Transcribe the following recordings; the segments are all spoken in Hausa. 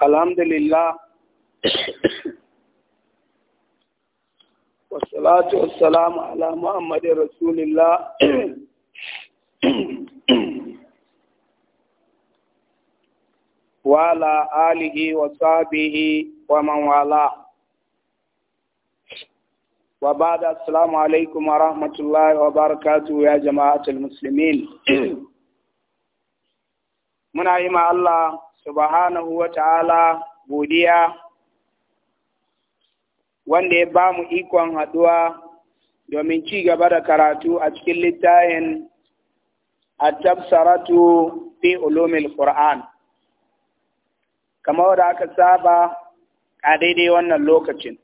alhamdulillah wasalatu wasalamu ala muhammadin rasulillah wala alihi wa sahbihi wa man wala wa ba'da alaikum wa rahmatullahi wa barakatuhu ya jama'atul muslimin muna yi ma Allah subhanahu wa ta'ala godiya wanda ya ba mu ikon haɗuwa domin ci gaba da karatu a cikin littayin a tafsaratu fi ulumil Qur'an. kamar da aka saba a daidai wannan lokacin.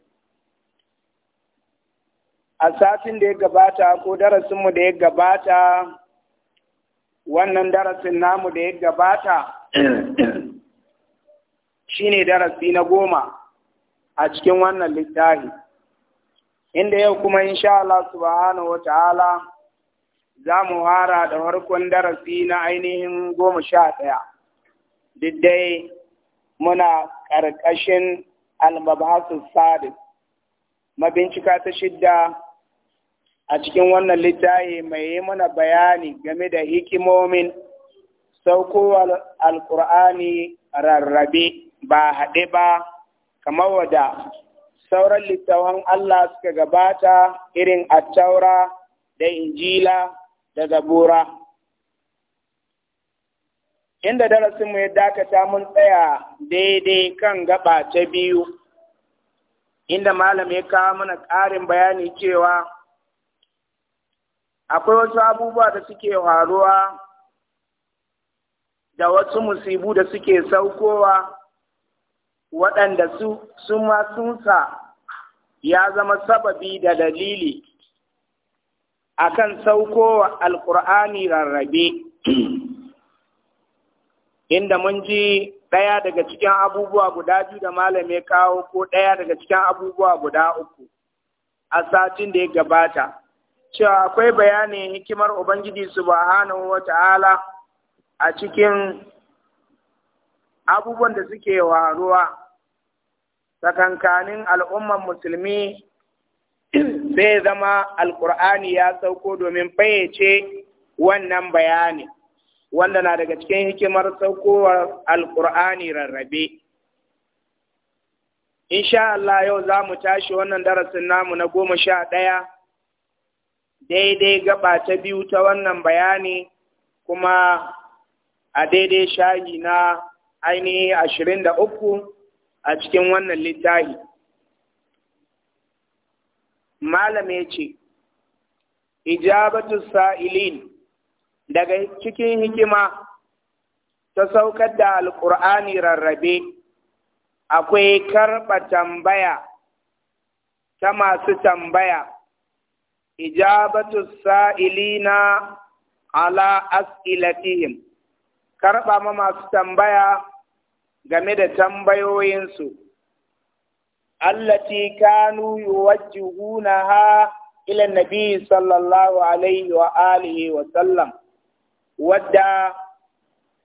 A satin da ya gabata ko darasinmu da ya gabata, wannan darasin namu da ya gabata shine darasi na goma a cikin wannan littafi inda yau kuma insha Allah subhanahu wa ta'ala za mu hara da farkon darasi na ainihin goma sha ɗaya duk dai muna ƙarƙashin almabahasu sadis mabincika ta shidda a cikin wannan littafi mai yi mana bayani game da hikimomin saukowar Alƙur'ani rarrabe ba haɗe ba kamar wada sauran littawan Allah suka gabata irin attaura da injila da zabura. Inda darasinmu ya dakata mun tsaya daidai kan gaba ta biyu, inda malam ya kawo mana ƙarin bayani cewa akwai wasu abubuwa da suke faruwa da wasu musibu da suke saukowa waɗanda su sun ma ya zama sababi da dalili akan saukowa alƙur'ani rarrabe inda mun ji ɗaya daga cikin abubuwa guda biyu da malamai kawo ko ɗaya daga cikin abubuwa guda uku a satin da ya gabata cewa akwai bayanin hikimar ubangiji subhanahu wa ta'ala a cikin abubuwan da suke waruwa tsakankanin al'umman musulmi zai zama alƙur'ani ya sauko domin fayyace wannan bayani wanda na daga cikin hikimar saukowar alƙur'ani rarrabe insha Allah yau za mu tashi wannan darasin namu na goma sha ɗaya daidai gaba ta biyu ta wannan bayani kuma a daidai shayi na ainihi ashirin da uku a cikin wannan littafi malam ya ce ijabatu sa'ilin daga cikin hikima ta saukar da alƙur'ani rarrabe akwai karɓa tambaya ta masu tambaya ijabatu sa'ilina ala as'ilatihim karɓa ma masu tambaya game da tambayoyinsu allati kanu ha ila nabi sallallahu alaihi wa alihi wa sallam wadda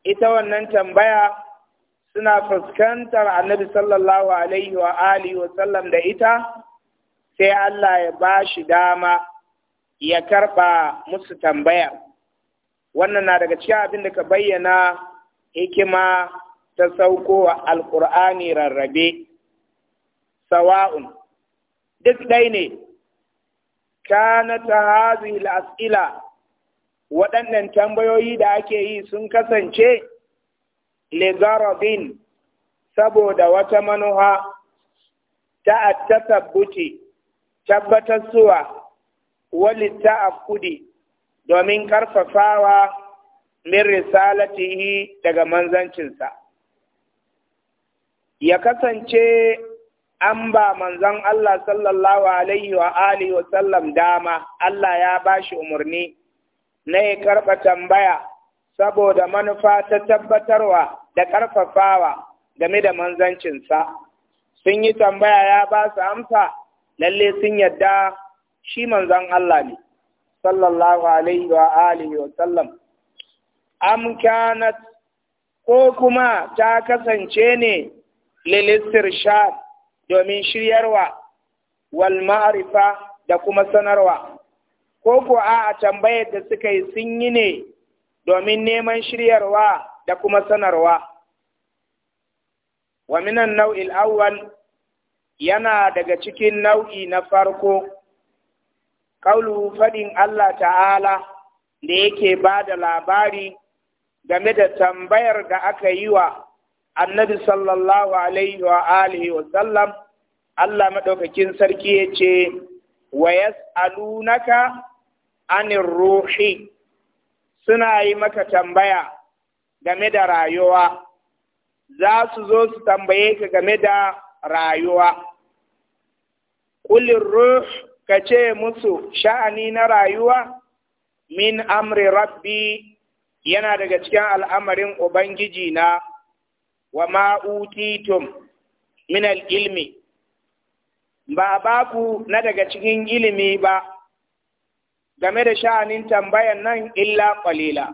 ita wannan tambaya suna fuskantar annabi sallallahu alaihi wa alihi wa sallam da ita sai Allah ya ba shi dama ya karɓa musu tambaya wannan na daga cikin abin da ka bayyana hikima ta sauko wa alƙur'ani rarrabe sawa'un duk ɗai ne na ta hazi waɗannan tambayoyi da ake yi sun kasance lizarabin saboda wata manuha ta tasabbuti tabbatar suwa wali ta'akkudi domin ƙarfafawa min risalatihi daga manzancinsa. ya kasance an ba manzon Allah sallallahu alaihi wa alihi wa sallam dama Allah ya ba shi umarni na ya karɓa tambaya saboda manufa ta tabbatarwa da ƙarfafawa game da manzancinsa sun yi tambaya ya ba su amsa lalle sun yadda shi manzon Allah ne sallallahu alaihi wa alihi wa sallam am ko kuma ta kasance ne lilistirshad domin shiryarwa wal ma'arifa da kuma sanarwa ko ko a tambayar da suka yi sun yi ne domin neman shiryarwa da kuma sanarwa wa minan nau'il awwal yana daga cikin nau'i na farko kaulu faɗin Allah ta'ala da yake ba da labari game da tambayar da aka yi wa annabi sallallahu alaihi wa alihi wa sallam Allah madaukakin sarki ya ce wa yas'alunaka anir ruhi suna yi maka tambaya game da rayuwa za su zo su tambaye ka game da rayuwa kulin ruh ka ce musu sha'ani na rayuwa min amri rabbi yana daga cikin al'amarin ubangiji na wa ma utitum min ilmi ba ba ku na daga cikin ilimi ba game da sha'anin tambayan nan illa qalila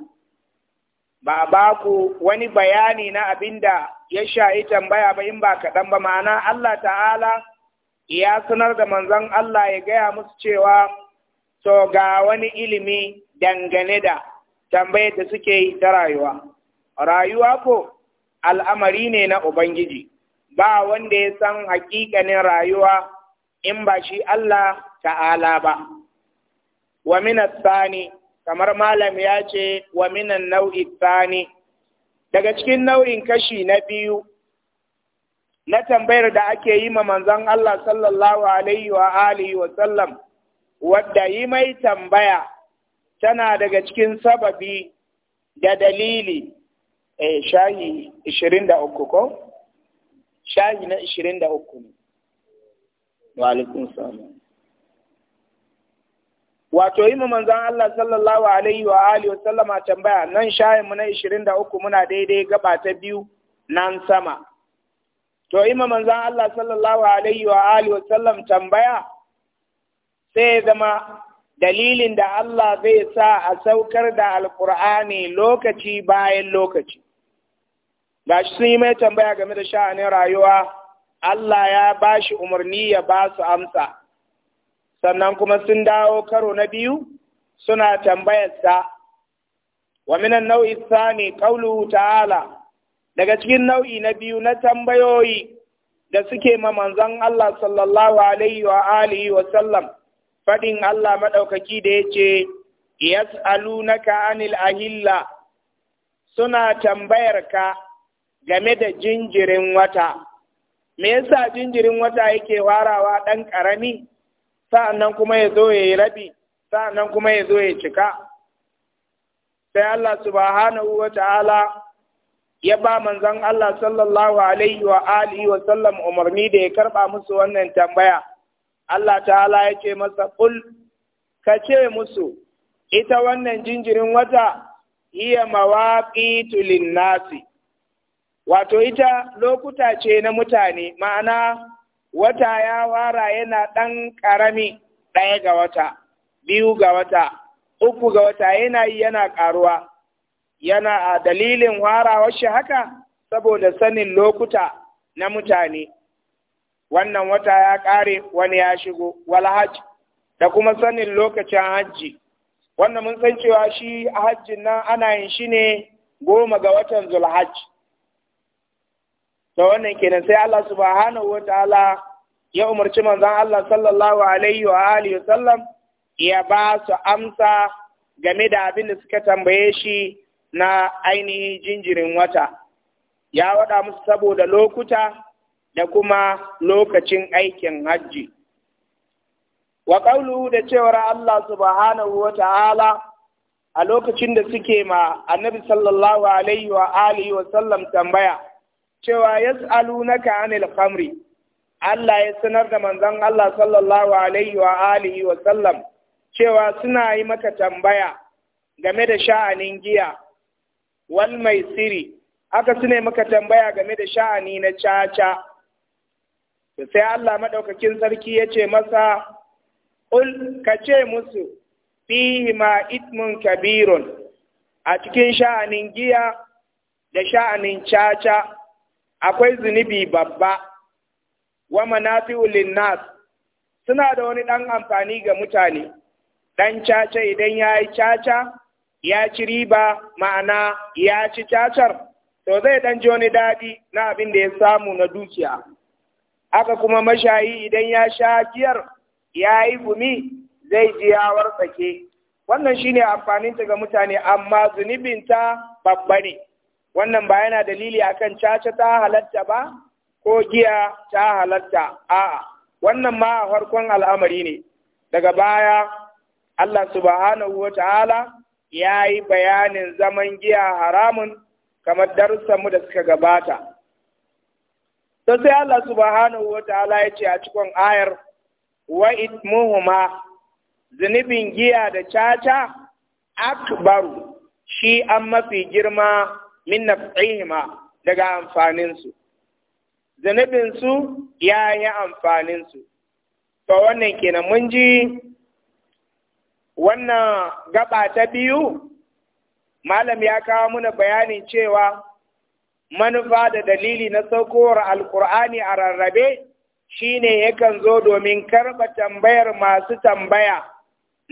ba ba ku wani bayani na abinda ya sha'i tambaya ba in ba kaɗan ba ma'ana Allah ta'ala ya sanar da manzon Allah ya gaya musu cewa to ga wani ilimi dangane da tambayar da suke yi ta rayuwa rayuwa ko al'amari ne na Ubangiji, ba wanda ya san haƙiƙanin rayuwa in ba shi Allah ta'ala ba. Wa minas sani, kamar malam ya ce wa minan nau'i sani, daga cikin nau'in kashi na biyu, na tambayar da ake yi ma manzon Allah sallallahu alaihi wa alihi wa sallam, wadda yi mai tambaya tana daga cikin sababi da dalili eh shayi uku ko shayi na ishirin uku ne wa alaikum wato yi mu manzon Allah sallallahu alaihi wa alihi wa sallama tambaya nan shayin mu na ishirin da uku muna daidai gaba ta biyu nan sama to yi mu manzon Allah sallallahu alaihi wa alihi wa sallam tambaya sai zama dalilin da Allah zai sa a saukar da Alƙur'ani lokaci bayan lokaci ga shi sun yi mai tambaya game da sha'anin rayuwa Allah ya ba shi umarni ya ba su amsa sannan kuma sun dawo karo na biyu suna tambayarsa wa minan nau'i sani qauluhu ta'ala daga cikin nau'i na biyu na tambayoyi da suke ma manzon Allah sallallahu alaihi wa alihi wa sallam faɗin Allah maɗaukaki da ya ce, Yas'alunaka anil ahilla suna tambayar ka game da jinjirin wata. Me yasa jinjirin wata yake warawa ɗan ƙarami, sa'an kuma ya zo ya yi rabi, sa'an kuma ya zo ya cika. Sai Allah subhanahu wa ta'ala ya ba manzan Allah sallallahu alaihi wa alihi wa sallam umarni da ya karɓa musu wannan tambaya. Allah ta'ala ya ce masa ƙul ka ce musu ita wannan jinjirin wata iya mawaƙi tulin nasi wato ita lokuta ce na mutane ma'ana wata ya wara yana ɗan ƙarami ɗaya ga wata biyu ga wata uku ga wata yana yi yana ƙaruwa yana a dalilin warawar shi haka saboda sanin lokuta na mutane wannan wata ya ƙare wani ya shigo wal hajj da kuma sanin lokacin hajji wannan mun san cewa shi hajjin nan ana yin shi ne goma ga watan zulhajj da wannan kenan sai Allah subhanahu wa ya umarci manzon Allah sallallahu alaihi wa alihi sallam ya ba su amsa game da abin da suka tambaye shi na ainihin jinjirin wata ya wada musu saboda lokuta da kuma lokacin aikin hajji. Wa da cewar Allah subhanahu wa ta'ala a lokacin da suke ma annabi sallallahu alaihi wa alihi wa sallam tambaya cewa na ka’anil khamri Allah ya sanar da manzan Allah sallallahu alaihi wa alihi wa sallam cewa suna yi maka tambaya game da sha'anin giya wal maisiri aka sune maka tambaya game da sha'ani na caca sai Allah maɗaukakin sarki ya ce masa ul ka ce musu fihi ma itmun kabirun a cikin sha'anin giya da sha'anin caca akwai zunubi babba wa manafi'u nas. suna da wani ɗan amfani ga mutane ɗan caca idan ya yi caca ya ci riba ma'ana ya ci cacar to zai ɗan ji wani daɗi na abin da ya samu na dukiya aka kuma mashayi idan ya sha giyar ya yi gumi zai ji ya tsake wannan shine amfaninta ga mutane amma zunubin ta babba ne wannan ba yana dalili akan caca ta halatta ba ko giya ta halatta a'a wannan ma a farkon al'amari ne daga baya Allah subhanahu wa ta'ala ya yi bayanin zaman giya haramun kamar darussanmu da suka gabata to sai Allah subhanahu wa ta'ala ya ce a cikin ayar wa itmuhuma zunubin giya da caca akbaru shi an mafi girma min naf'ihima daga amfaninsu zunubinsu ya yi amfaninsu to wannan kenan mun ji wannan gaba ta biyu malam ya kawo muna bayanin cewa manufa da dalili na saukowar alkur'ani a rarrabe shi ne yakan zo domin karɓa tambayar masu tambaya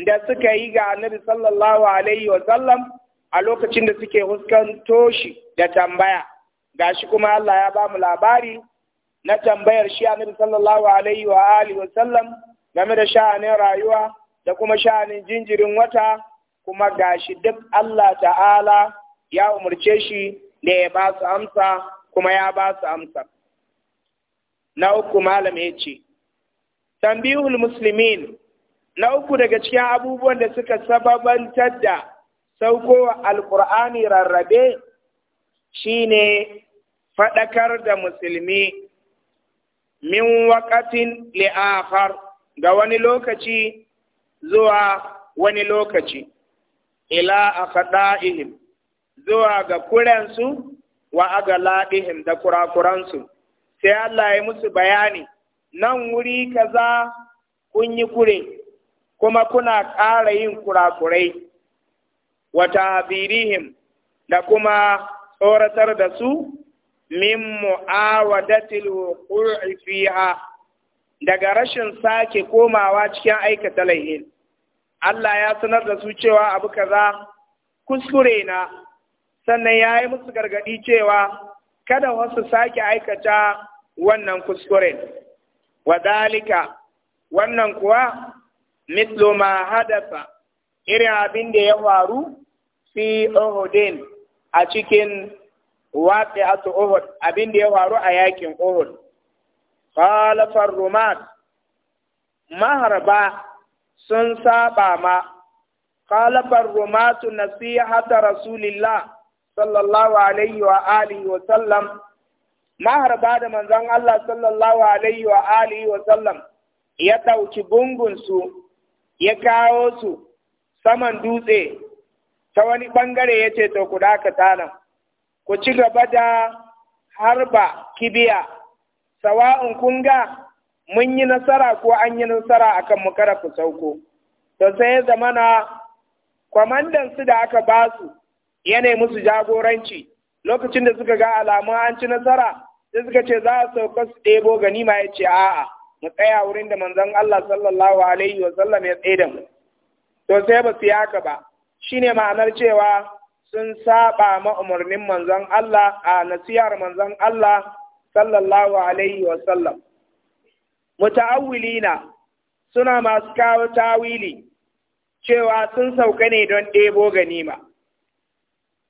da suka yi ga annabi sallallahu alaihi sallam a lokacin da suke huskanto shi da tambaya Ga shi kuma Allah ya ba mu labari na tambayar shi annabi sallallahu alaihi wa alihi sallam game da sha'anin rayuwa da kuma sha'anin jinjirin wata kuma gashi duk Allah ta'ala ya umarce shi da ya ba su amsa kuma ya ba su amsa na uku malam ya ce tambihul Musulmin, na uku daga cikin abubuwan da suka sababantar da saukowa alkur'ani rarrabe shi ne faɗakar da musulmi min waƙatin li'akhar ga wani lokaci zuwa wani lokaci ila a ihim zuwa ga kurensu wa agaladihim da kurakuransu sai Allah ya musu bayani nan wuri kaza kun yi kure kuma kuna ƙara yin kurakurai wa tabirihim da kuma tsoratar da su min mu'awadatil wuqu'i fiha daga rashin sake komawa cikin aikata laihin Allah ya sanar da su cewa abu kaza kuskure na sannan ya yi musu gargaɗi cewa kada wasu sake aikata wannan kuskuren wadalika wannan kuwa mislo ma hadasa irin abin da ya faru fi ohudin a cikin watsi a Uhud abin da ya faru a yakin Uhud. Falafar Rumat, maharba sun saba ma, khalafar Rumatu nasihata Rasulillah sallallahu alaihi wa alihi wa sallam maharba da manzon Allah sallallahu alaihi wa alihi wa sallam ya ɗauki su ya kawo su saman dutse ta wani ɓangare ya ce to ku dakata nan ku ci gaba da harba kibiya sawa'un kun ga mun yi nasara ko an yi nasara akan mu kada ku sauko to sai zamana kwamandan su da aka basu. yana musu jagoranci lokacin da suka ga alamun an ci nasara sai suka ce za a sauka su ɗebo ganima ya ce a'a mu tsaya wurin da manzon Allah sallallahu alaihi wa sallam ya tsaye da mu to sai ba su yaka ba shine ma'anar cewa sun saba ma umarnin manzon Allah a nasiyar manzon Allah sallallahu alaihi wa sallam muta'awwilina suna masu kawo tawili cewa sun sauka ne don ɗebo ganima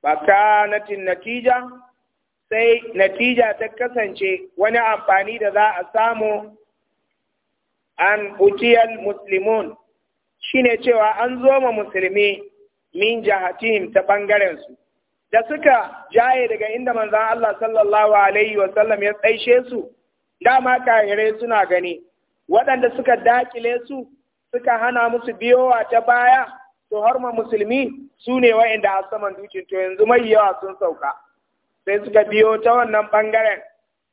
natin natija sai natija ta kasance wani amfani da za a samu an utiyal Shi shine cewa an zo ma musulmi min jahatihim ta bangaren da suka jaye daga inda manzon Allah sallallahu alaihi wa sallam ya tsaishe su dama kahirai suna gani waɗanda suka dakile su suka hana musu biyowa ta baya to har ma musulmi su ne wa'inda a saman dukin to yanzu mai yawa sun sauka sai suka biyo ta wannan bangaren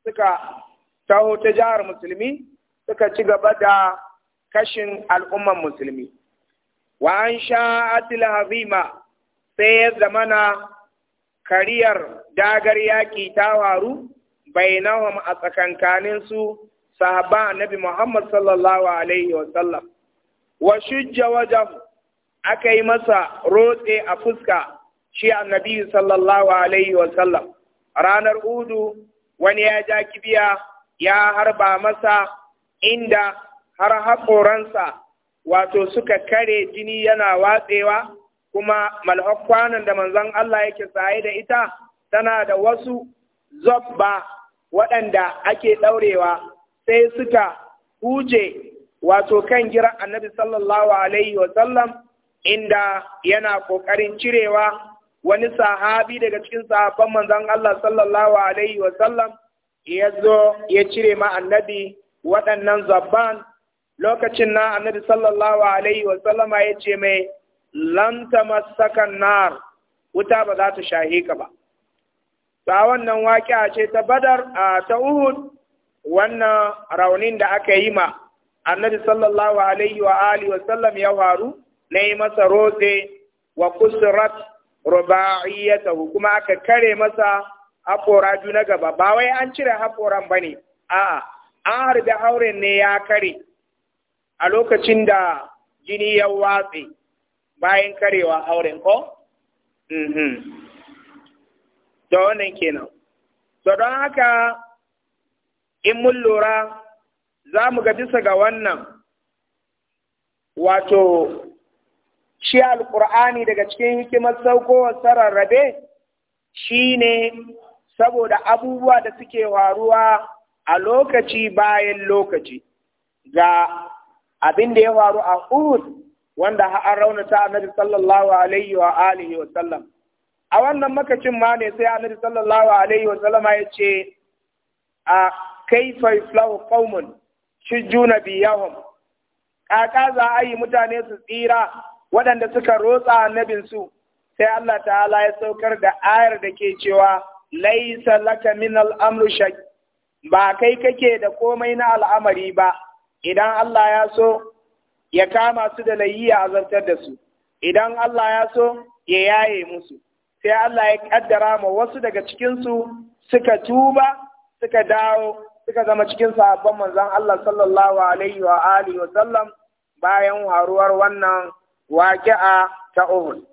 suka taho ta jihar musulmi suka ci gaba da kashin al'umman musulmi wa an sha atil hazima sai ya zamana kariyar dagar yaƙi ta waru bainahum a tsakankanin su sahaba annabi Muhammad sallallahu alaihi wa sallam wa shujja wajahu aka yi masa rotse a fuska shi annabi sallallahu alaihi wa sallam. ranar udu wani ya ja kibiya ya harba masa inda har haƙoransa wato suka kare jini yana watsewa kuma malhakwanan da manzon Allah yake saye da ita tana da wasu zobba waɗanda ake ɗaurewa sai suka huje wato kan gira annabi sallallahu alaihi wa sallam. inda yana ƙoƙarin cirewa wani sahabi daga cikin sahabban manzon Allah sallallahu alaihi wa sallam ya zo ya cire ma annabi waɗannan zabban lokacin na annabi sallallahu alaihi wa sallama ya ce mai lam tamassakan nar wuta ba za ta shahe ka ba ta wannan waƙiya ce ta badar a ta uhud wannan raunin da aka yi ma annabi sallallahu alaihi wa alihi wa sallam ya faru na yi masa rote wa kusurat rubaiyatahu kuma aka kare masa haƙora biyu na gaba ba wai an cire haƙoran ba ne a'a an harbi hauren ne ya kare a lokacin da jini ya watse bayan karewa hauren ko? Mhm. da wannan kenan to don haka in mun lura za mu ga bisa ga wannan wato shi alƙur'ani daga cikin hikimar saukowar sararrabe shi ne saboda abubuwa da suke waruwa a lokaci bayan lokaci ga abin da ya waru a Uhud wanda har raunata annabi sallallahu alaihi wa alihi wa sallam a wannan makacin ma ne sai annabi sallallahu alaihi wa sallam ya ce a kaifa yaflahu qaumun shujuna biyahum kaka za a yi mutane su tsira waɗanda suka rotsa annabinsu sai Allah ta'ala ya saukar da ayar da ke cewa laisa laka min al'amru ba kai kake da komai na al'amari ba idan Allah ya so ya kama su da layiya ya azabtar da su idan Allah ya so ya yaye musu sai Allah ya kaddara ma wasu daga cikinsu suka tuba suka dawo suka zama cikin sahabban manzon Allah sallallahu alaihi wa alihi wa sallam bayan waruwar wannan waƙi'a ta Uhud.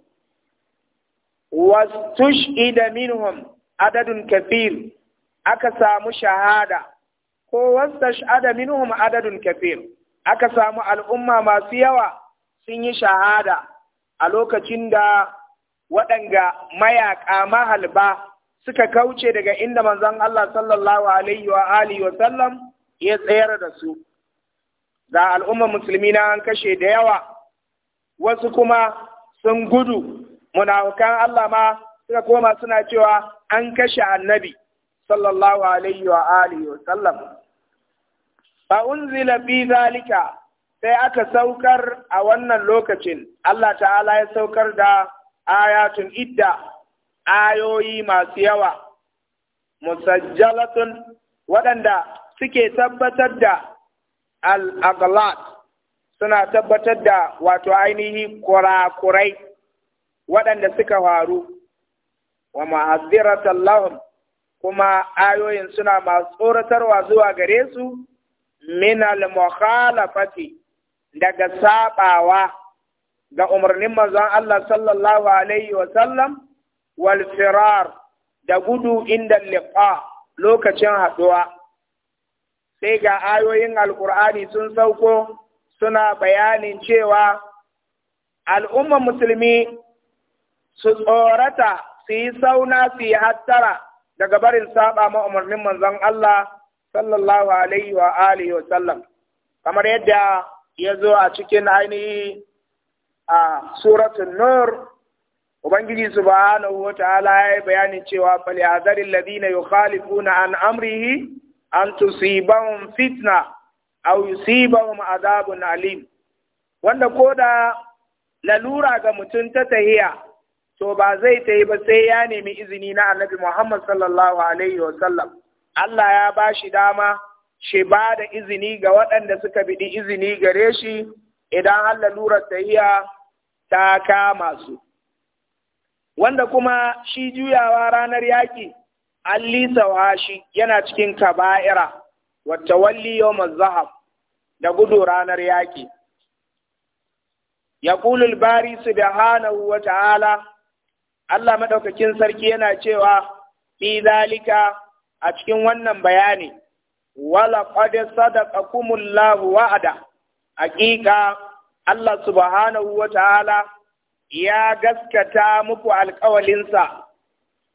Wastush'ida minhum adadun kafir aka samu shahada ko wastash'ada minhum adadun kafir aka samu al'umma masu yawa sun yi shahada a lokacin da waɗanga mayaƙa mahalba suka kauce daga inda manzon Allah sallallahu alaihi wa alihi wa sallam ya tsayar da su. Da al'umma musulmi na an kashe da yawa wasu kuma sun gudu munafukan Allah ma suka koma suna cewa an kashe annabi sallallahu alaihi wa alihi wa sallam fa unzila bi zalika sai aka saukar a wannan lokacin Allah ta'ala ya saukar da ayatun idda ayoyi masu yawa musajjalatun waɗanda suke tabbatar da al-aghlaq suna tabbatar da wato ainihi kurakurai waɗanda suka faru wa ma'azziratan lahum kuma ayoyin suna masu tsoratarwa zuwa gare su min al-mukhalafati daga sabawa ga umarnin manzon Allah sallallahu alaihi wa sallam wal firar da gudu inda liqa lokacin haɗuwa sai ga ayoyin alkur'ani sun sauko suna bayanin cewa al'ummar musulmi su tsorata su yi sauna su yi hattara daga barin saba ma umarnin manzon Allah sallallahu alaihi wa alihi wa sallam kamar yadda ya zo a cikin ainihi a suratun nur ubangiji subhanahu wa ta'ala ya bayanin cewa zarin ladina yukhalifuna an amrihi an tusibahum fitna aw yusibahum azabun alim wanda koda lalura ga mutum ta tahiya to ba zai tayi ba sai ya nemi izini na Annabi Muhammad sallallahu alaihi wa sallam Allah ya bashi dama shi ba da izini ga waɗanda suka biɗi izini gare shi idan har lalurar tahiya ta kama su wanda kuma shi juyawa ranar yaƙi an wa shi yana cikin kaba'ira wata walli yau zahab da gudu ranar yaƙi. Ya ƙulul bari subhanahu wa ta'ala, Allah maɗaukakin sarki yana cewa, fi zalika a cikin wannan bayani, wala ƙwade sadaka kumullahu wa'ada, hakika Allah su wa ta'ala ya gaskata muku alƙawalinsa,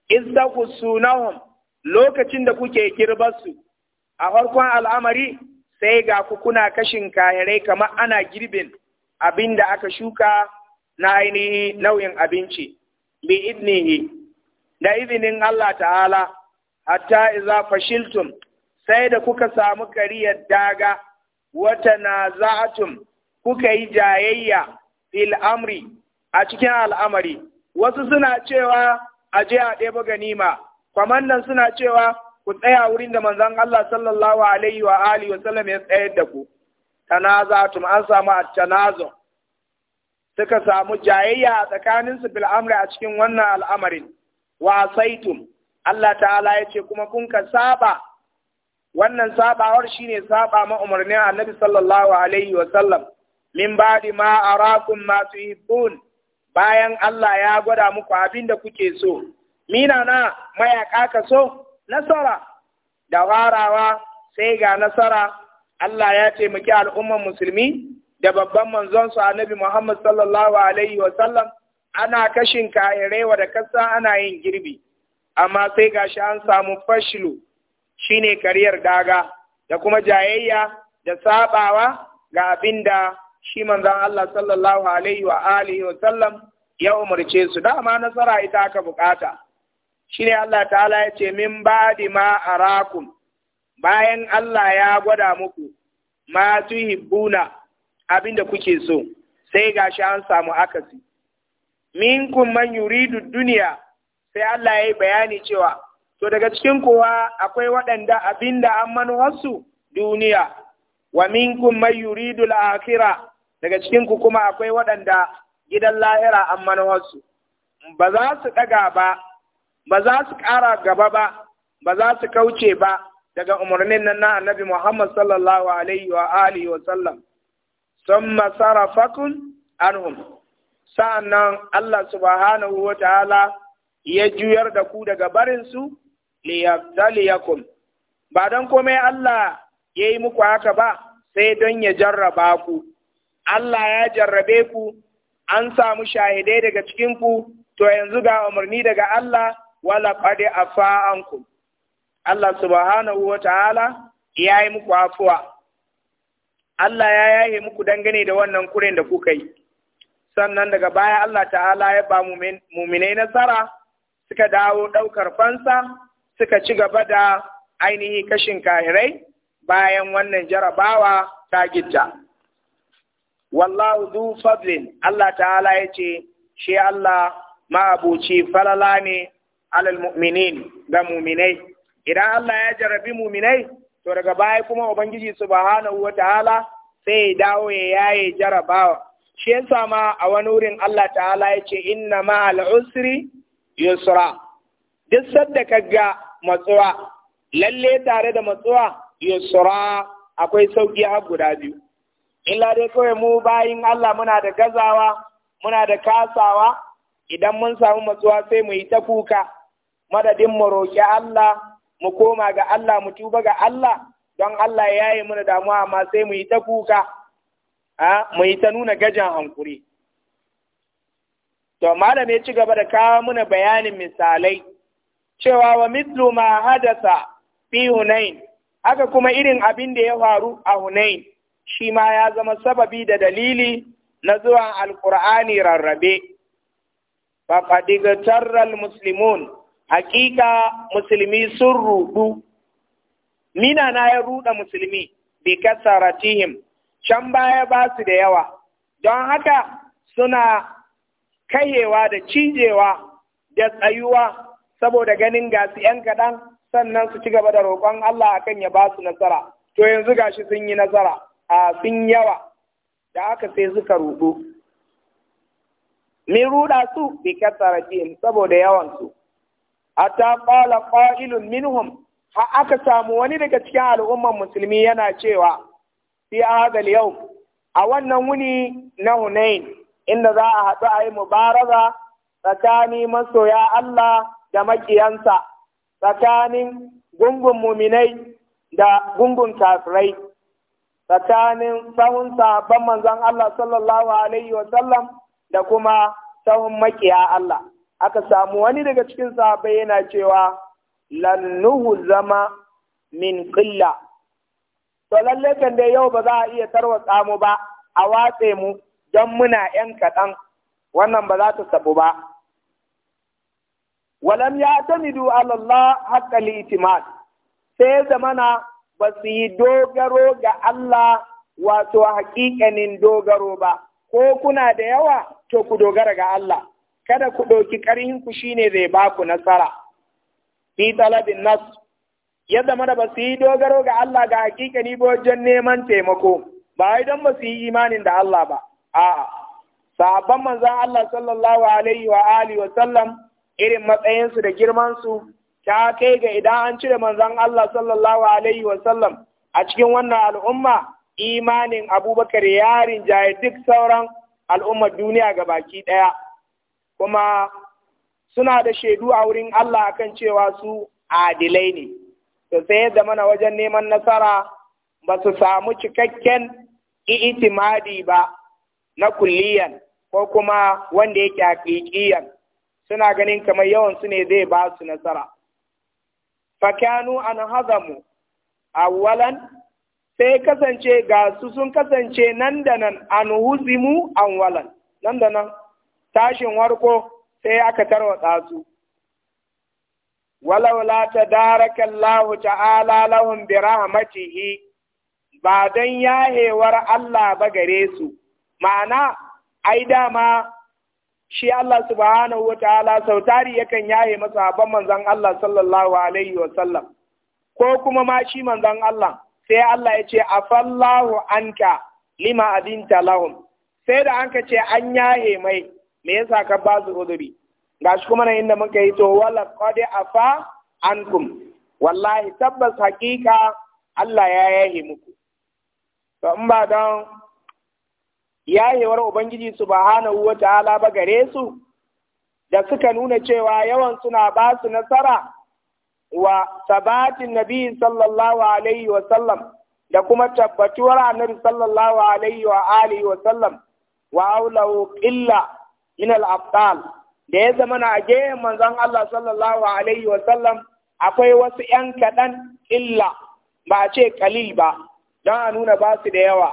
izda ku suna lokacin da kuke girbarsu a farkon al'amari. sai ga ku kuna kashin kahirai kamar ana girbin abin da aka shuka na ainihi nau'in abinci bi idnihi da izinin Allah ta'ala hatta iza fashiltum sai da kuka samu kariyar daga wata na za'atum kuka yi jayayya fil amri a cikin al'amari wasu suna cewa a je a ɗebo ganima kwamannan suna cewa ku tsaya wurin da manzon Allah sallallahu alaihi wa alihi wa sallam ya tsayar da ku tanazatum an samu a tanazo suka samu jayayya a tsakanin su bil amri a cikin wannan al'amarin wa saitum Allah ta'ala ya ce kuma kun ka saba wannan sabawar shine saba ma umarnin Annabi sallallahu alaihi wa sallam min ba'di ma arakum ma tuhibbun bayan Allah ya gwada muku abin da kuke so mina na mayaka ka so nasara da warawa sai ga nasara Allah ya ce muke al'umman musulmi da babban manzonsu annabi Muhammad sallallahu alaihi wa sallam ana kashin kayarewa da kasa ana yin girbi amma sai gashi an samu fashilu shine kariyar daga da kuma jayayya da sabawa ga abinda shi manzon Allah sallallahu alaihi wa alihi wa sallam ya umarce su dama nasara ita aka bukata shine Allah ta'ala ya ce min ba di ma arakum bayan Allah ya gwada muku ma hibbuna, abinda kuke so sai gashi an samu akasi minkum man yuridu duniya sai Allah ya yi bayani cewa to daga cikin kowa akwai waɗanda abinda an manuwarsu duniya wa minkum man yuridu al daga cikin ku kuma akwai waɗanda gidan lahira an manuwarsu ba za su ɗaga ba ba za su ƙara gaba ba ba za su kauce ba daga umarnin nan na annabi Muhammad sallallahu alaihi wa alihi wa sallam anhum sa'annan Allah subhanahu wa ta'ala ya juyar da ku daga barinsu kun. ba don komai Allah ya yi muku haka ba sai don ya jarraba ku Allah ya jarrabe ku an samu shahidai daga cikinku to yanzu ga umarni daga Allah wala qad afa ankum Allah subhanahu wa ta'ala ya yi muku afuwa Allah ya yaye muku dangane da wannan kuren da kuka yi sannan daga baya Allah ta'ala ya ba muminai nasara suka dawo ɗaukar fansa suka ci gaba da ainihi kashin kahirai bayan wannan jarabawa ta gitta. Wallahu zu fadlin Allah ta'ala ya ce, shi Allah ma'abuci falala ne alal mu'minin ga mu'minai idan Allah ya jarabi mu'minai to daga baya kuma ubangiji subhanahu wataala sai ya dawo ya yaye jarabawa shi yasa ma a wani wurin Allah ta'ala ya ce inna ma'al usri yusra duk sadda kaga matsuwa lalle tare da matsuwa yusra akwai sauki har guda biyu illa dai kawai mu bayin Allah muna da gazawa muna da kasawa idan mun samu matsuwa sai mu yi ta kuka madadin mu roƙi Allah mu koma ga Allah mu tuba ga Allah don Allah ya yi mana damuwa amma sai mu yi ta kuka mu yi ta nuna gajan hankuri to malam ya ci gaba da kawo mana bayanin misalai cewa wa mislu ma hadasa fi hunain haka kuma irin abin da ya faru a hunain shi ma ya zama sababi da dalili na zuwan alkur'ani rarrabe faƙaɗigatarral muslimun hakika musulmi sun rudu mina na ya ruda musulmi bi kasaratihim can baya ba su da yawa don haka suna kayewa da cijewa da tsayuwa saboda ganin gasu ‘yan kaɗan sannan su ci gaba da roƙon Allah akan ya ba su nasara to yanzu gashi sun yi nasara a sun yawa da aka sai suka rudu min ruda su bi kasaratihim saboda yawansu. su hatta qala qa'ilun minhum ha aka samu wani daga cikin al'umman musulmi yana cewa fi hadal yau a wannan wuni na Hunain inda za a haɗu a yi mubaraza tsakani masoya Allah da makiyansa tsakanin gungun muminai da gungun kafirai tsakanin sahun sahabban manzon Allah sallallahu alaihi wa sallam da kuma sahun makiya Allah aka samu wani daga cikin sahabbai yana cewa lannuhu zama min qilla to lallai kan dai yau ba za a iya tarwatsa mu ba a watse mu don muna ‘yan kaɗan wannan ba za ta sabu ba. Walam ya tamidu Allah haƙƙali itimad, sai zamana ba su yi dogaro ga Allah wato haƙiƙanin dogaro ba, ko kuna da yawa to ku dogara ga Allah. kada ku ɗauki ƙarhin ku shine zai ba ku nasara fi talabin nas ya zama da ba su yi dogaro ga Allah ga hakika ni ba wajen neman taimako ba don ba su yi imanin da Allah ba a'a sahabban manzon Allah sallallahu alaihi wa alihi wa sallam irin matsayinsu da girmansu ta kai ga idan an cire manzon Allah sallallahu alaihi wa sallam a cikin wannan al'umma imanin abubakar yarin jaye duk sauran al'ummar duniya ga baki ɗaya kuma suna da shaidu a wurin Allah akan cewa su adilai ne to sai da mana wajen neman nasara ba su samu cikakken itimadi ba na kulliyan ko kuma wanda yake hakikiyan suna ganin kamar yawan su ne zai ba su nasara fakanu an hazamu awwalan sai kasance ga su sun kasance nan da nan an huzimu walan, nan da nan tashin warko sai aka tarwatsa su walau ta tadaraka Allah ta'ala lahum bi rahmatihi ba dan yahewar Allah ba gare su ma'ana ai dama shi Allah subhanahu wa ta'ala sautari yakan yahe masahaban manzon Allah sallallahu alaihi wa sallam ko kuma ma shi manzon Allah sai Allah ya ce afallahu anka lima adinta lahum sai da anka ce an yahe mai me yasa ka ba su uzuri gashi kuma nan inda muka yi to wala qadi afa ankum wallahi tabbas hakika Allah ya yahe muku to in ba don yahewar ubangiji subhanahu wataala ba gare su da suka nuna cewa yawan suna ba su nasara wa sabatin nabi sallallahu alaihi wa sallam da kuma tabbatuwar annabi sallallahu alaihi wa alihi wa sallam wa aulau illa min al-abdal da ya zama na gehen manzon Allah sallallahu alaihi wa sallam akwai wasu ‘yan kaɗan illa ba a ce kalil ba don a nuna ba su da yawa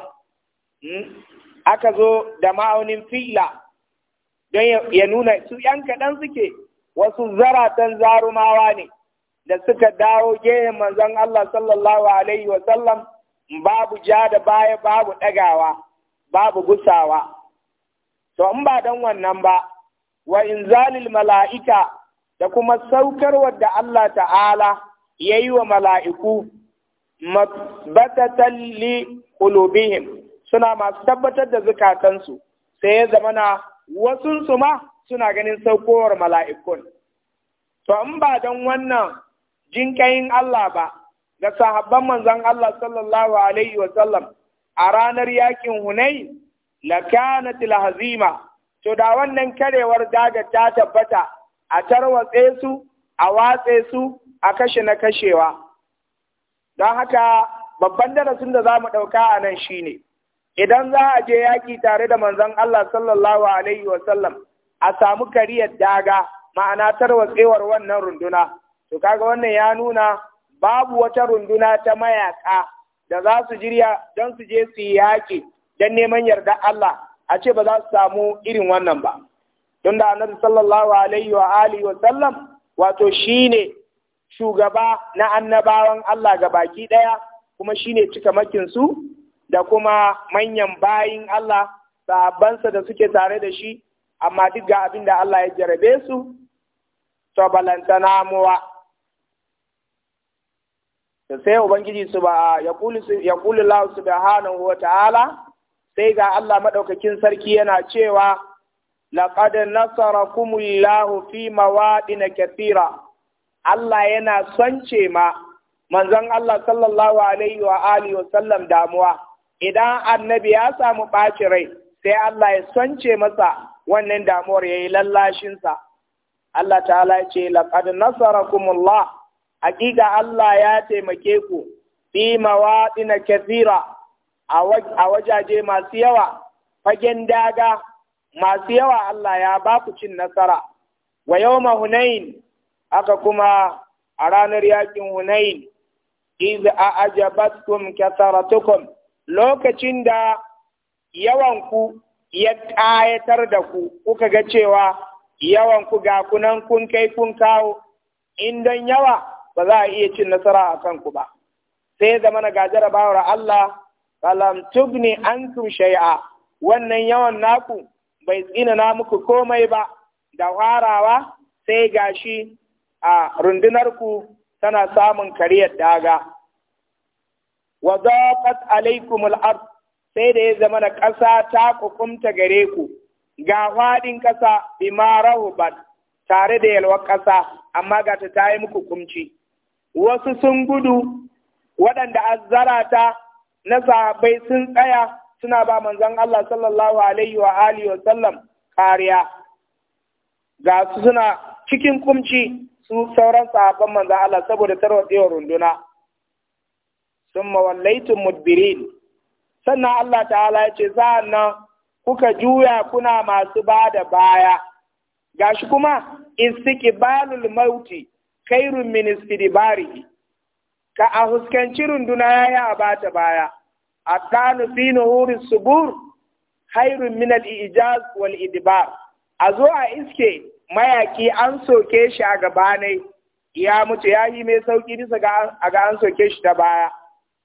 hmm? aka zo da ma'aunin fila don ya nuna su ‘yan kaɗan suke wasu zaratan zarumawa ne da suka dawo gehen manzon Allah sallallahu Alaihi sallam babu ja da baya babu ɗagawa babu gusawa to in ba dan wannan ba wa inzalil mala'ika da kuma saukar da Allah ta'ala ya yi wa mala'iku batatan li qulubihim suna masu tabbatar da zukatansu sai ya zama na wasunsu ma suna ganin saukowar mala'ikun. To, in ba don wannan jinƙayin Allah ba, ga sahabban manzon Allah sallallahu Alaihi wasallam a ranar yakin Hunayn lakanat hazima to da wannan karewar daga ta tabbata a tarwatse su a watse su a kashe na kashewa don haka babban darasin da za mu ɗauka a nan shine idan za a je yaƙi tare da manzon Allah sallallahu alaihi wasallam a samu kariyar daga ma'ana tarwatsewar wannan runduna to kaga wannan ya nuna babu wata runduna ta mayaka da za su jirya don su je su yi yaƙi dan neman yarda Allah a ce ba za su samu irin wannan ba don da annabi sallallahu alaihi wa alihi wa sallam wato shine shugaba na annabawan Allah ga baki daya kuma shine cikamakin su da kuma manyan bayin Allah sahabbansa da suke tare da shi amma duk ga abin da Allah ya jarabe su to balantana namuwa sai ubangiji su ba ya kulu Allah subhanahu wa ta'ala sai ga Allah maɗaukakin sarki yana cewa laqad nasarakumullahu fi mawadin kathira Allah yana sance ma manzon Allah sallallahu alaihi wa alihi wa sallam damuwa idan annabi ya samu ɓaci rai sai Allah ya sance masa wannan damuwar yayi lallashinsa Allah ta'ala ya ce laqad nasarakumullah hakika Allah ya taimake ku fi mawadin kathira a wajaje masu yawa fagen daga masu yawa Allah ya ba ku cin nasara wa yawma hunain aka kuma a ranar yakin hunain iz a'jabatkum katharatukum lokacin da yawanku ya ƙayatar da ku kuka ga cewa yawanku ga kunan kun kai kun kawo in don yawa ba za a iya cin nasara a kanku ba sai zama na ga jarabawar Allah falam tugni ankum shay'a wannan yawan naku bai tsina na muku komai ba da harawa sai gashi a rundunarku tana samun kariyar daga wa daqat alaikum al-ard sai da ya zama na ƙasa ta kukumta gare ku ga faɗin ƙasa bima rahubat tare da yalwar ƙasa amma ga ta ta yi muku kumci wasu sun gudu waɗanda azzara ta na sahabbai sun tsaya suna ba manzon Allah sallallahu alaihi wa alihi wa sallam kariya ga su suna cikin kumci su sauran sahabban manzon Allah saboda tarwatsewar runduna summa wallaitum mudbirin sannan Allah ta'ala ya ce nan kuka juya kuna masu ba da baya gashi kuma istiqbalul mauti khairun min istidbarihi ka a huskanci runduna yayi a bata baya الطعن في نهور الصبور idibar. A zo a iske, mayaki, an soke shi a gabanai. ya mutu ya yi mai sauki bisa ga an soke shi ta baya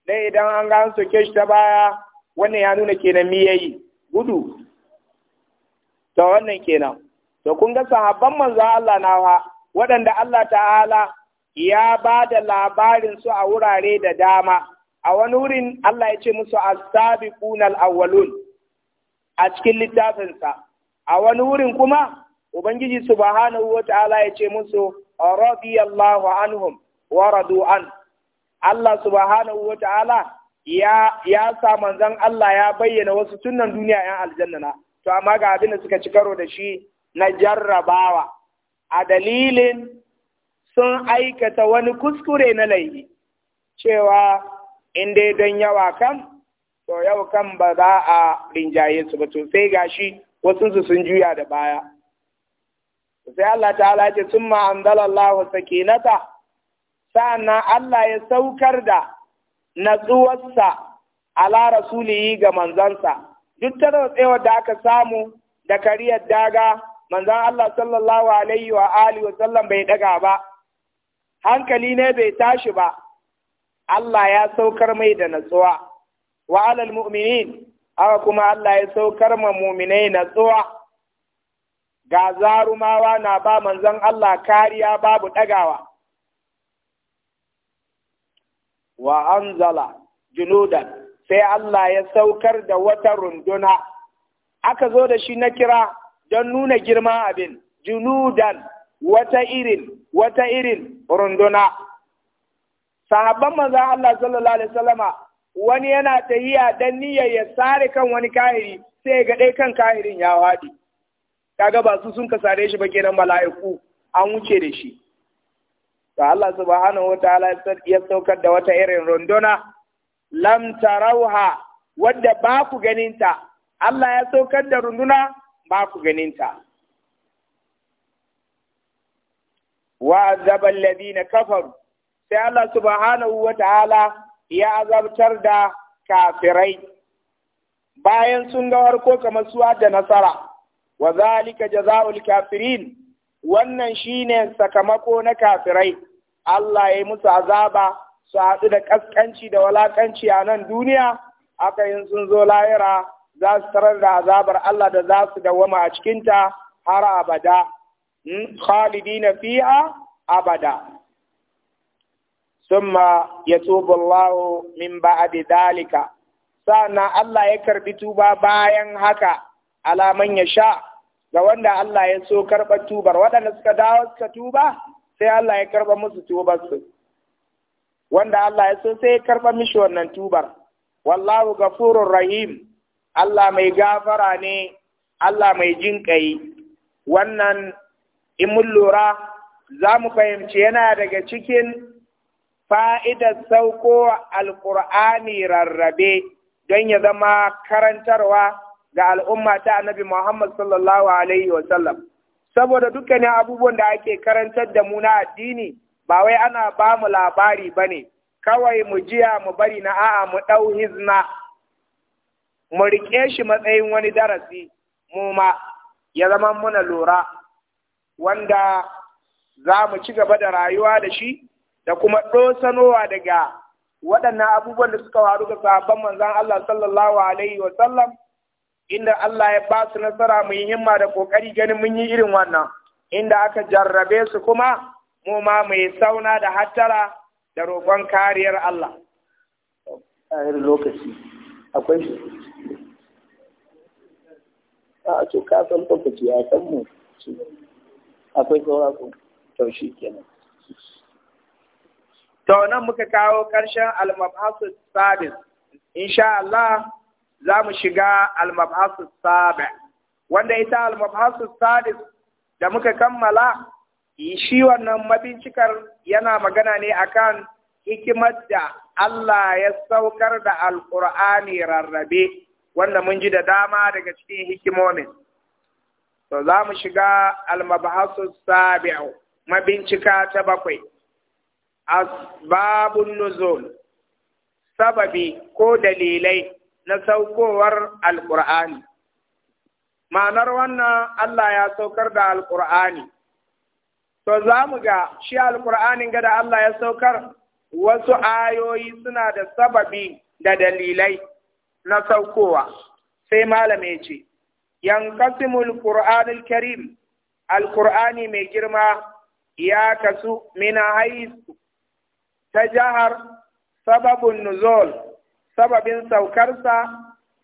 dai idan an ga an soke shi ta baya wannan ya nuna kenan mi yayi gudu to wannan kenan Da kun ga sahabban manzo Allah nawa waɗanda Allah ta'ala ya ba da labarin su a wurare da dama a wani wurin Allah ya ce musu as kunal awwalun a cikin littafinsa a wani wurin kuma ubangiji subhanahu wata'ala ya ce musu radiyallahu anhum wa radu an Allah subhanahu wata'ala ya ya sa manzon Allah ya bayyana wasu tunan duniya yan aljanna na to amma ga abin da suka ci karo da shi na jarrabawa a dalilin sun aikata wani kuskure na laifi cewa in dai don yawa kan to yau kan ba za a rinjaye su ba to sai gashi wasu su sun juya da baya sai Allah ta ce sun ma'anzalallahu sakinata sa'annan Allah ya saukar da natsuwarsa ala rasulihi ga manzansa duk ta tsewar da aka samu da kariyar daga manzan Allah sallallahu alaihi wa alihi wa sallam bai daga ba hankali ne bai tashi ba Allah ya saukar mai da natsuwa wa alal mu'minin haka kuma Allah ya saukar ma mu'minai natsuwa ga zarumawa na ba manzon Allah kariya babu ɗagawa wa anzala junudan sai Allah ya saukar da wata runduna aka zo da shi na kira don nuna girma abin junudan wata irin wata irin runduna sahabban maza Allah sallallahu alaihi wasallama wani yana tahiya dan niyyar ya sare kan wani kahiri sai ga dai kan kahirin ya wadi kaga ba su sun kasare sare shi ba kenan mala'iku an wuce da shi to Allah subhanahu wataala ya saukar da wata irin runduna lam tarauha wadda ba ku ganinta Allah ya saukar da runduna ba ku ganinta wa azaba alladhina kafaru sai Allah subhanahu wa ta'ala ya azabtar da kafirai bayan sun ga harko kamar suwa da nasara wa zalika jaza'ul kafirin wannan shine sakamako na kafirai Allah ya yi musu azaba su haɗu da ƙasƙanci da walaƙanci a nan duniya aka yin sun zo layira za su tarar da azabar Allah da za su dawama a cikinta har abada hmm, khalidina fi'a abada ثم a الله dalika. بعد na Allah ya يكرب tuba bayan haka alaman ya sha. ga wanda Allah ya so karɓar tubar waɗanda suka dawo suka tuba sai Allah ya karɓa musu tubarsu. wanda Allah ya so sai ya karɓa mishi wannan tubar wallahu gafurur rahim Allah mai gafara ne Allah mai jin ƙai wannan in mun lura za mu fahimci yana daga cikin fa'idar sauko alƙur'ani rarrabe don ya zama karantarwa ga al'umma ta annabi Muhammad sallallahu Alaihi wasallam. Saboda dukkanin abubuwan da ake karantar da mu na addini ba wai ana ba mu labari ba ne, kawai mu jiya mu bari na a'a mu ɗau hizna, mu riƙe shi matsayin wani darasi, mu ma ya zama muna lura, wanda za mu ci gaba da rayuwa da shi. da kuma sanowa daga waɗannan abubuwan da suka faru ga sahabban manzan Allah sallallahu alaihi wa sallam inda Allah ya ba su nasara mu yi himma da ƙoƙari ganin mun yi irin wannan inda aka jarrabe su kuma mu ma mai sauna da hattara da roƙon kariyar Allah lokaci akwai shi a to ka san lokaci ya san mu akwai saura kenan ta nan muka kawo ƙarshen almabhasu sabis insha Allah za mu shiga almabhasu sabi wanda ita almabhasu sadis da muka kammala shi wannan mabincikar yana magana ne akan hikimar da Allah ya saukar da alƙur'ani rarrabe wanda mun ji da dama daga cikin hikimomin to za mu shiga almabhasu sabi'u mabincika ta bakwai babu nuzul sababi ko dalilai na saukowar alkur'ani ma'anar wannan Allah ya saukar da alkur'ani to za mu ga shi ga gada Allah ya saukar wasu ayoyi suna da sababi da dalilai na saukowa sai malamai ce yankasimul qur'anul karim alkur'ani mai girma ya kasu mina haisu ta jihar sababin nuzul sababin saukarsa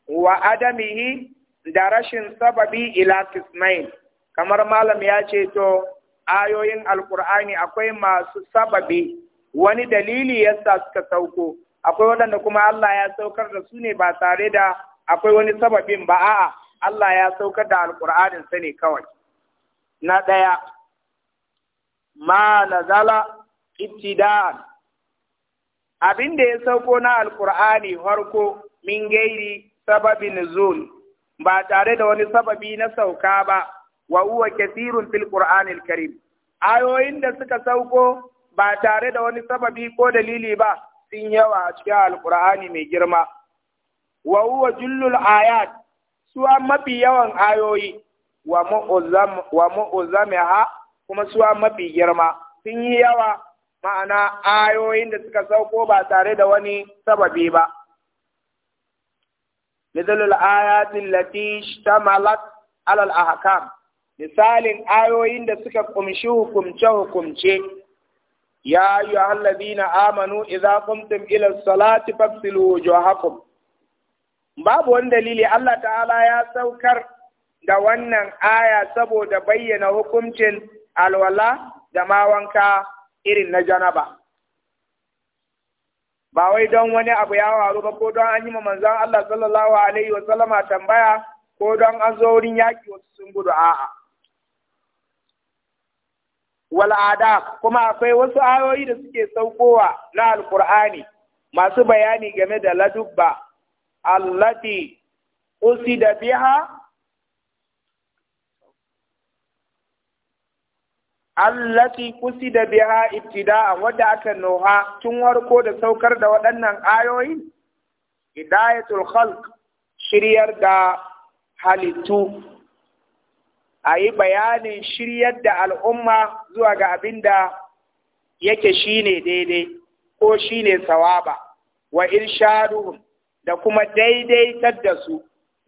wa adamihi da rashin sababi ila kismain kamar malam ya ce to ayoyin alkur'ani akwai masu sababi wani dalili yasa suka sauko akwai waɗanda kuma Allah ya saukar da su ne ba tare da akwai wani sababin ba a'a Allah ya saukar da alkur'anin sa ne kawai na ɗaya ma nazala ibtida'an abin da ya sauko na alkur'ani harko min gairi sababin nuzul ba tare da wani sababi na sauka ba wa huwa kathirun fil qur'anil karim ayoyin da suka sauko ba tare da wani sababi ko dalili ba sun yawa a cikin alkur'ani mai girma wa huwa jullul ayat su mafi yawan ayoyi wa mu'azzam wa mu'azzamaha kuma su mafi girma sun yi yawa ma'ana ayoyin da suka sauko ba tare da wani sababi ba مثل الآيات التي alal a الأحكام misalin ayoyin da suka kumshi hukumce-hukumce ya yi na amanu idza qumtum ila salati fafsilu wujuhakum babu wani dalili Allah ta'ala ya saukar da wannan aya saboda bayyana hukumcin alwala da mawanka irin na janaba ba wai don wani abu ya waru ba ko don an yi ma manzon Allah sallallahu alaihi wa sallama tambaya ko don an zo wurin yaki wasu sun gudu a'a wal adab kuma akwai wasu ayoyi da suke saukowa na alqur'ani masu bayani game da ladubba allati usida biha allati kusida biha ibtida'a wadda aka noha tun warko da saukar da waɗannan ayoyi hidayatul khalq shiryar da halittu a yi bayanin shiryar da al'umma zuwa ga abin da yake shine daidai ko shine sawaba wa irshaduhum da kuma daidaitar da su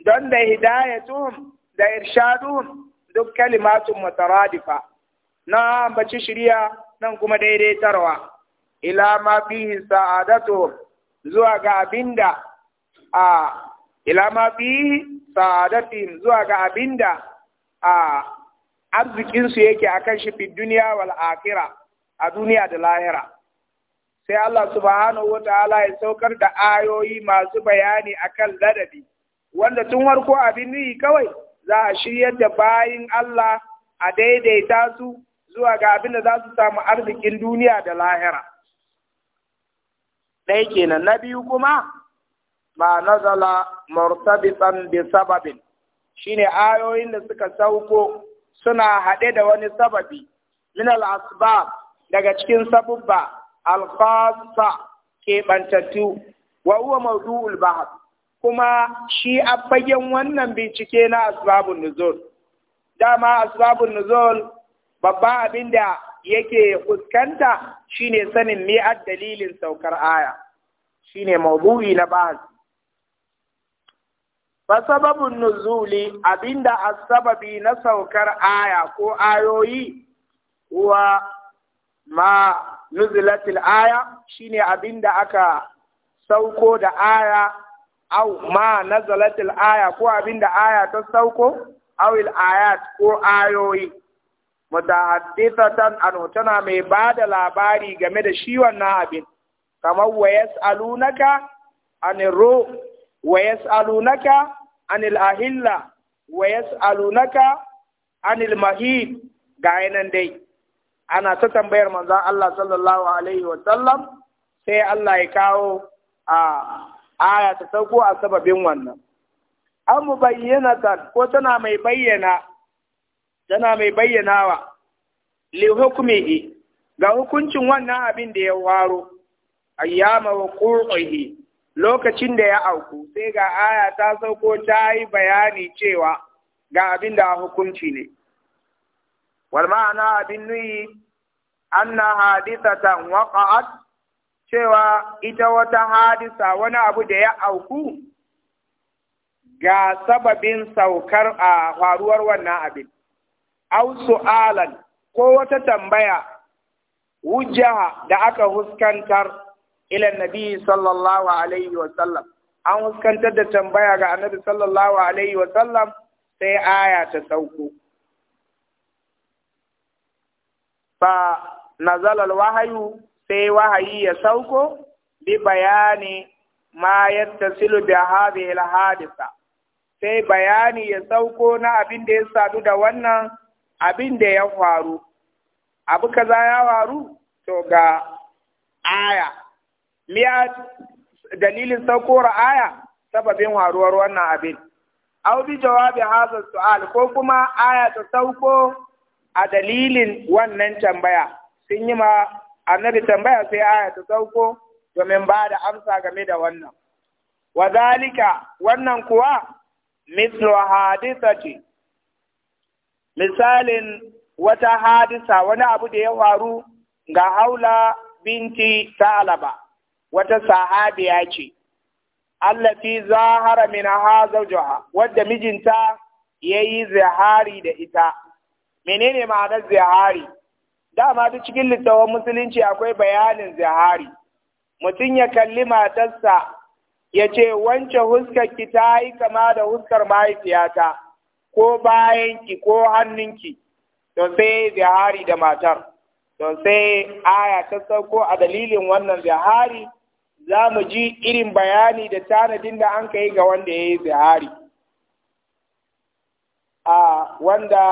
don da hidayatuhum da irshaduhum duk kalimatun mutaradifa na ambaci shirya nan kuma daidai daidaitarwa ila ma fihi sa'adatu zuwa ga abinda a ila ma fihi sa'adati zuwa ga abinda a arzikin su yake akan shi fi duniya wal akhirah a duniya da lahira sai Allah subhanahu wataala ya saukar da ayoyi masu bayani akan ladabi wanda tun warko abin yi kawai za a shiryar da bayin Allah a daidaita su zuwa ga abin da za su samu arzikin duniya da lahira ɗaya kenan na biyu kuma ma nazala martabitan bi sababin shine ayoyin da suka sauko suna haɗe da wani sababi min al daga cikin sabubba al khassa ke bantattu wa huwa mawdu'ul kuma shi abbagen wannan bincike na asbabun nuzul dama asbabun nuzul babban abin da yake fuskanta shine sanin me dalilin saukar aya shine maudu'i na ba'az fa sababun nuzuli abinda sababi na saukar aya ko ayoyi wa ma nuzilatil aya shine abinda aka sauko da aya au ma nazalatil aya ko abinda aya ta sauko awil ayat ko ayoyi mutahaddithatan an tana mai ba da labari game da shi wannan abin kamar wa yas'alunaka anir ru wa yas'alunaka anil ahilla wa yas'alunaka anil mahid ga yanan dai ana ta tambayar manzon Allah sallallahu alaihi wa sallam sai Allah ya kawo a aya ta sauko a sababin wannan an mu bayyana ko tana mai bayyana tana mai bayyanawa li ga hukuncin wannan abin da ya waro ayyama wa lokacin da ya auku sai ga aya ta sauko ta yi bayani cewa ga abin da hukunci ne wal ma'ana abin nuyi anna hadithatan waqa'at cewa ita wata hadisa wani abu da ya auku ga sababin saukar a faruwar wannan abin aw su'alan ko wata tambaya wujaha da aka huskantar ila nabi sallallahu alaihi wa sallam an huskantar da tambaya ga annabi sallallahu alaihi wa sallam sai aya ta sauko fa nazala alwahyu sai wahayi ya sauko bi bayani ma yattasilu bi hadhihi alhadisa sai bayani ya sauko na abin da ya sadu da wannan abin da ya faru abu kaza ya faru to ga aya miya dalilin saukowar aya sababin faruwar wannan abin aw bi jawabi haza su'al ko kuma aya ta sauko a dalilin wannan tambaya sun yi ma annabi tambaya sai aya ta sauko domin ba da amsa game da wannan wa wannan kuwa mislu hadithati misalin wata hadisa wani abu da ya faru ga haula binti talaba wata sahabiya ce allafi zahara min hazaujaha wadda mijinta ya yi zihari da ita menene ma'anar zihari dama duk cikin littafin musulunci akwai bayanin zihari mutum ya kalli matarsa ya ce wance huskar ki ta yi kama da huskar mahaifiyata ko bayanki ko hannunki to sai zihari da matar to sai aya ta sauko a dalilin wannan zihari za mu ji irin bayani da tanadin da an kai ga wanda ya yi zihari a wanda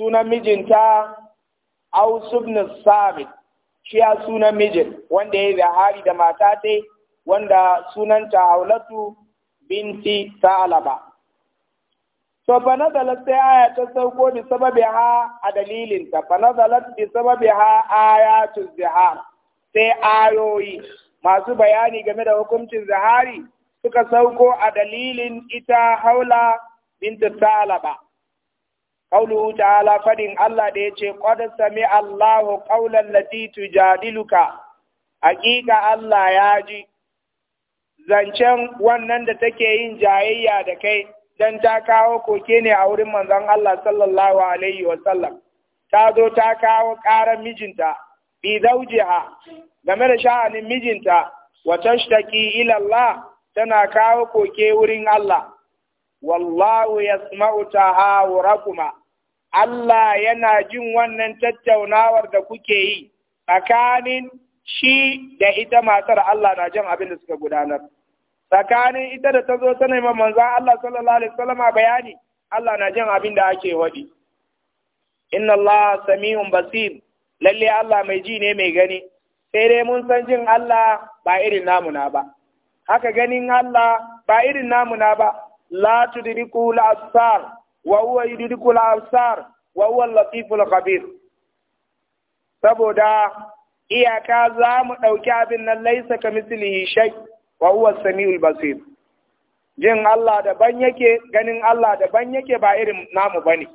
sunan mijinta ausubnus sabit shi a sunan mijin wanda ya yi zihari da mata ta wanda sunanta haulatu binti ta Alaba. to fa nazalat sai aya ta sauko bi sababi ha a dalilin ta fa nazalat bi sababi ha ayatul zihar sai ayoyi masu bayani game da hukuncin zahari suka sauko a dalilin ita haula binta talaba Allah تعالى فدين الله ده يجي allahu سمع الله قول التي hakika Allah ya ji. zancen wannan da take yin jayayya da kai dan ta kawo koke ne a wurin manzon Allah sallallahu alaihi wa sallam ta zo ta kawo ƙarar mijinta bi zaujiha game da sha'anin mijinta wa tashtaki ila Allah tana kawo koke wurin Allah wallahu yasma'u tahawurakuma Allah yana jin wannan tattaunawar da kuke yi tsakanin shi da ita matar Allah na jin abin da suka gudanar. tsakanin ita da ta zo ta nema manzan Allah sallallahu alaihi wasallama bayani Allah na jin abin da ake waɗi inna Allah sami'un basir lalle Allah mai ji ne mai gani sai dai mun san jin Allah ba irin namuna ba haka ganin Allah ba irin namuna ba la tudriku al la'asar wa huwa yudriku al wa huwa latiful khabir saboda iyaka za mu ɗauki abin nan laisa ka mislihi shai. wa huwa samiul basir jin Allah ban yake ganin Allah daban yake ba irin namu bane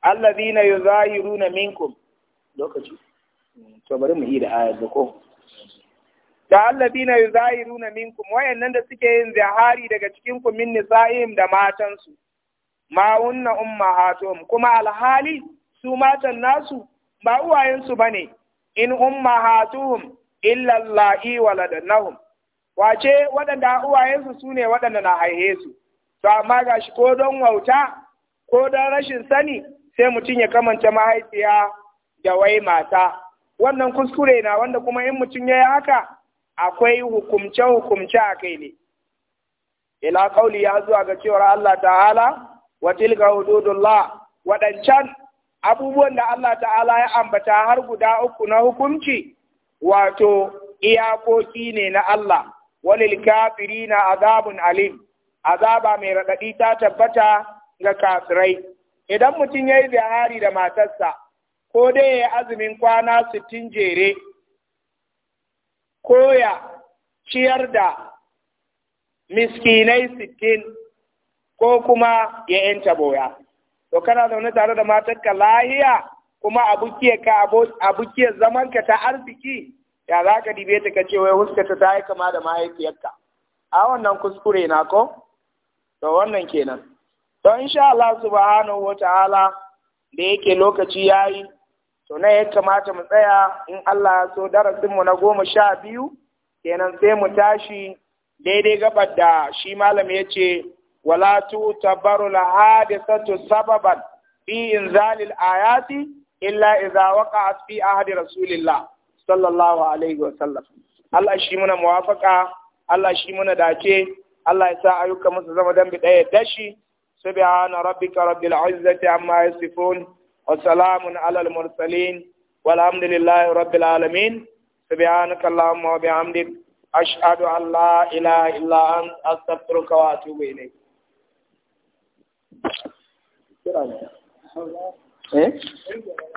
alladhina yuzahiruna minkum lokaci to bari mu yi da ayar da ko da alladina yuzahiruna minkum wayannan da suke yin zahari daga cikin ku min nisa'im da matansu ma umma ummahatuhum kuma alhali su matan nasu ba uwayensu bane in umma ummahatuhum illa allahi nahum wace waɗanda uwayensu su sune waɗanda na haihe su to amma gashi ko don wauta ko don rashin sani sai mutum ya kamanta mahaifiya da wai mata wannan kuskure na wanda kuma in mutum ya yi haka akwai hukumce hukumce a kai ne ila kauli ya zuwa ga cewar Allah ta'ala wa tilka hududullah waɗancan abubuwan da Allah ta'ala ya ambata har guda uku na hukunci wato iyakoki ne na Allah walil kafirina azabun alim azaba mai raɗaɗi ta tabbata ga kafirai idan mutum ya yi zihari da matarsa ko dai ya azumin kwana sittin jere ko ya ciyar da miskinai sittin ko kuma ya yanta boya to kana zaune tare da matarka lahiya kuma abukiyar zamanka ta arziki ya za ka dibe ta ka ce wai huskata ta yi kama da mahaifiyarka a wannan kuskure na ko to wannan kenan to insha Allah subhanahu wataala da yake lokaci yayi to na ya kamata mu tsaya in Allah ya so darasin mu na goma sha biyu kenan sai mu tashi daidai gabar da shi malam ya ce ولا تعتبر الحادثة سببا في إنزال الآيات إلا إذا وقعت في أهل رسول الله صلى الله عليه وسلم الله يشيمنا موافقة الله يشيمنا داكي الله يسا أيوك مستزم دم بداية دشي سبحان ربك رب العزة عما يصفون وسلام على المرسلين والحمد لله رب العالمين سبحانك اللهم وبحمدك أشهد أن لا إله إلا أنت أستغفرك وأتوب إليك eh